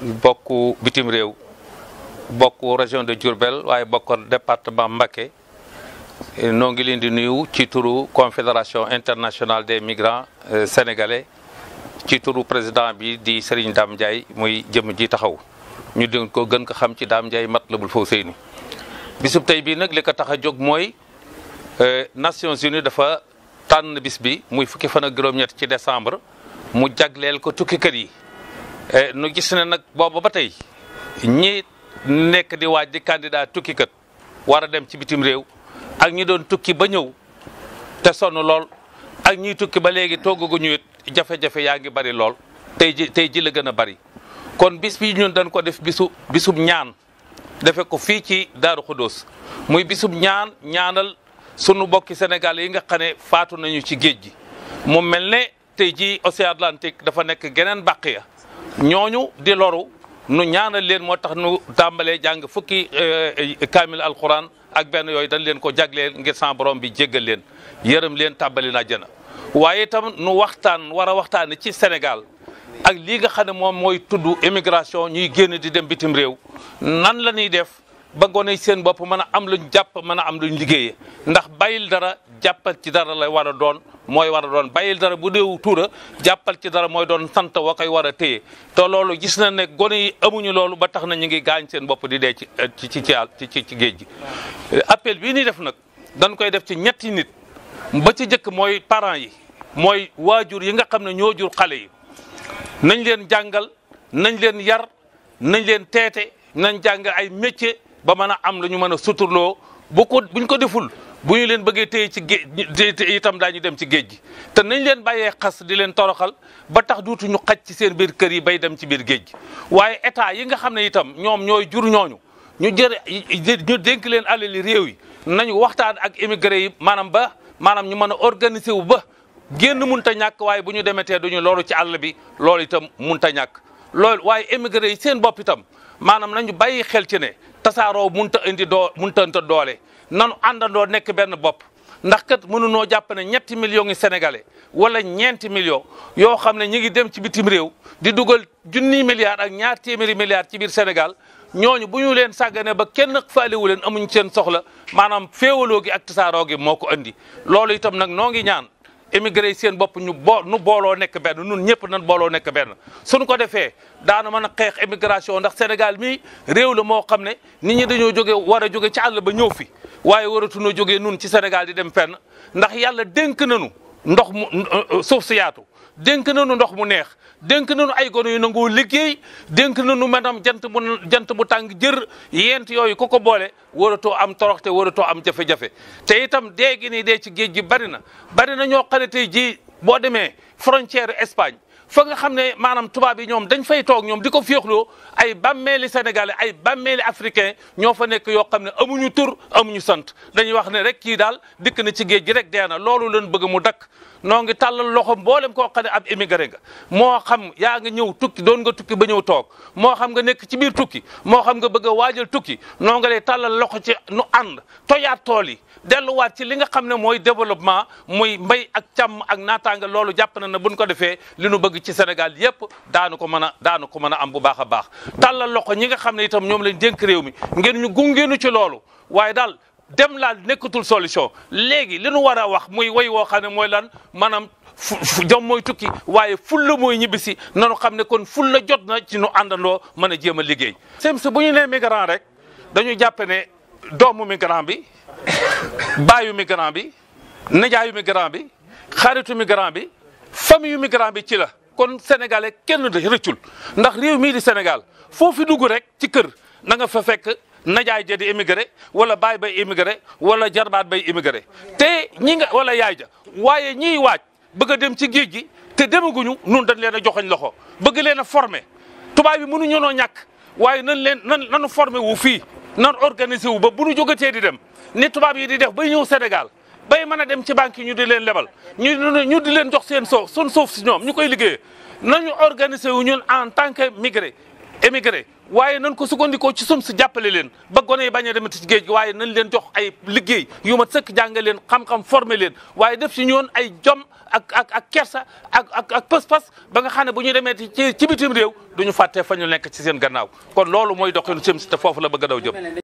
bokk bitim réew bokk région de Diourbel waaye bokk département Mbacké noo ngi leen di nuyu ci turu confédération internationale des migrant euh, sénégalais ci turu président bi di Serigne daam Ndiaye muy jëm ji taxaw ñu dégg ko gën ko xam ci labul Ndiaye Matlabul ni bisub tey bii nag li ko tax a jóg mooy euh, Nations Unies dafa tànn bis bi muy fukki fan ak ñett ci décembre mu jagleel ko tukki kër yi. Eh, nu gis ne nag boobu ba tey ñi nekk di waaj di candidat tukkikat war a dem ci bitim réew ak ñi doon tukki ba ñëw te sonn lool ak ñiy tukki ba léegi toogaguñu it jafe-jafe yaa ngi bari lool tey ji tey ji la gën a bari kon bis bi ñun dañ ko def bisu bisub ñaan defe ko fii ci Daaru Xudóos muy bisub ñaan ñaanal sunu bokki Sénégal yi nga xane ne faatu nañu ci géej gi mu mel ne tey ji Océan Atlantique dafa nekk geneen bàq ya ñooñu di loru nu ñaanal leen moo tax nu tàmbalee jàng fukki euh, kaamil alquran ak benn yooyu dañ leen ko jagleel ngir san borom bi jéggal leen yërëm leen tàbbali na jëna waaye itam nu waxtaan war a waxtaane ci Sénégal ak lii nga xam ne moom mooy tuddu immigration ñuy génn di dem bitim réew nan la def ba gone seen bopp mën a am luñ jàpp mën a am luñ liggéeyee ndax bàyyil dara jàppal ci dara lay war a doon mooy war a doon bàyyil dara bu déew tuura jàppal ci dara mooy doon sant wa koy war a téye te loolu gis na ne gone yi amuñu loolu ba tax na ñu ngi gaañ seen bopp di dee ci eh, ci ci ci ci géej gi. appel bii ni def nag dañ koy def ci ñetti nit ba ci njëkk mooy parents yi mooy waajur yi nga xam ne ñoo jur xale yi nañ leen jàngal nañ leen yar nañ leen tete nañ jàng ay métier ba mën a am lu ñu mën a suturloo bu ñu ko deful bu ñu leen bëggee téye ci géej itam daañu dem ci géej gi te nañ leen bàyyee xas di leen toroxal ba tax duutuñu xaj ci seen biir kër yi bay dem ci biir géej gi waaye état yi nga xam ne itam ñoom ñooy jur ñooñu ñu jëre ñu dénk leen alali réew yi nañu waxtaan ak émigré yi maanaam ba maanaam ñu mën a organiser wu ba génn munta ñàkk waaye bu ñu demee demetee duñu loru ci àll bi loolu itam munta ñàkk loolu waaye émigré yi seen bopp itam maanaam nañu bàyyi xel ci ne tasaaroo munta indi doo muntanta doole nanu àndandoo nekk benn bopp ndax kat mënunoo jàpp ne ñetti million yi sénégalais wala ñeenti million yoo xam ne ñi ngi dem ci bitim réew di dugal junniy milliards ak ñaar téeméeri milliards ci biir Sénégal ñooñu bu ñu leen sàggane ba kenn faalewu leen amuñ seen soxla maanaam féewaloo gi ak tasaaroo gi moo ko andi loolu itam nag noo ngi ñaan émigré seen bopp ñu boo nu booloo nekk benn nun ñëpp nan booloo nekk benn suñ ko defee daana ma na xeex émigration ndax Sénégal mii réew la moo xam ne nit ñi dañoo jóge war a jóge ci àll ba ñëw fi waaye waratuñoo jógee nun ci Sénégal di dem fenn ndax yàlla dénk nanu ndox mu suuf si yaatu dénk nanu ndox mu neex dénk nañu ay gono yu nangoo liggéey dénk nañu maanaam jant bu jant bu tàng jër yent yooyu ku ko boole waratoo am toroxte waratoo am jafe-jafe te itam dee gi dee ci géej gi bari na bari na ñoo xam ne tey jii boo demee frontière Espagne fa nga xam ne maanaam tubaab yi ñoom dañ fay toog ñoom di ko loo ay bàmmeeli sénégalais ay bàmmeeli africain ñoo fa nekk yoo xam ne amuñu tur amuñu sant dañuy wax ne rek kii daal dikk na ci géej gi rek dee na loolu leen bëgg mu dakk noo ngi tàllal loxo mboolem koo xam ne ab émigré nga moo xam yaa nga ñëw tukki doon nga tukki ba ñëw toog moo xam nga nekk ci biir tukki moo xam nga bëgg a waajal tukki noo nga lay tàllal loxo ci nu ànd toyaat tool yi delluwaat ci li nga xam ne mooy développement muy mbay ak càmm ak naataanga loolu jàpp na ne buñ ko defee bëgg ci Sénégal yépp daanu ko mën a daanu ko mën a am bu baax a baax tàllal loxo ñi nga xam ne itam ñoom lañ dénk réew mi ngeen ñu gungeenu ci loolu waaye daal dem laal nekkatul solution léegi li nu war a wax muy way woo xam ne mooy lan maanaam jom mooy tukki waaye fulla mooy ñibbisi nanu xam ne kon fulla jot na ci nu àndandoo mën a jéem a liggéey SEMS bu ñu ne migrant rek dañu jàppe ne doomu migrant bi baayu migrant bi najaayu migrant bi xaritu migrant bi famille kon sénégalais kenn de rëccul ndax réew mii di Sénégal foo fi dugg rek ci kër na nga fa fekk najaay ja di émigré wala baay bay émigré wala jarbaat bay émigré te ñi nga wala yaay ja waaye ñiy waaj bëgg a dem ci géej gi te demaguñu nun dañ leen a joxoñ loxo bëgg leen a former tubaab bi mënuñu noo ñàkk waaye nan leen nan nanu former wu fii nan organiser wu ba bu ñu jógatee di dem ni tubaab yi di def bay ñëw Sénégal bay mën a dem ci banque yi ñu di leen lebal ñu ñu di leen jox seen so sun suuf si ñoom ñu koy liggéeyee nañu organiser wu ñu en tant que migré émigré waaye nañ ko sukkandikoo ci sum si jàppale leen ba gone yi bañ a demati ci géej gi waaye nañ leen jox ay liggéey yu mat sëkk jàngale leen xam-xam former leen waaye def si ñoon ay jom ak ak ak kersa ak ak ba nga xam bu ñu demee ci ci bitim réew duñu fàttee fa ñu nekk ci seen gannaaw kon loolu mooy doxinu sëm si te foofu la bëgg a daw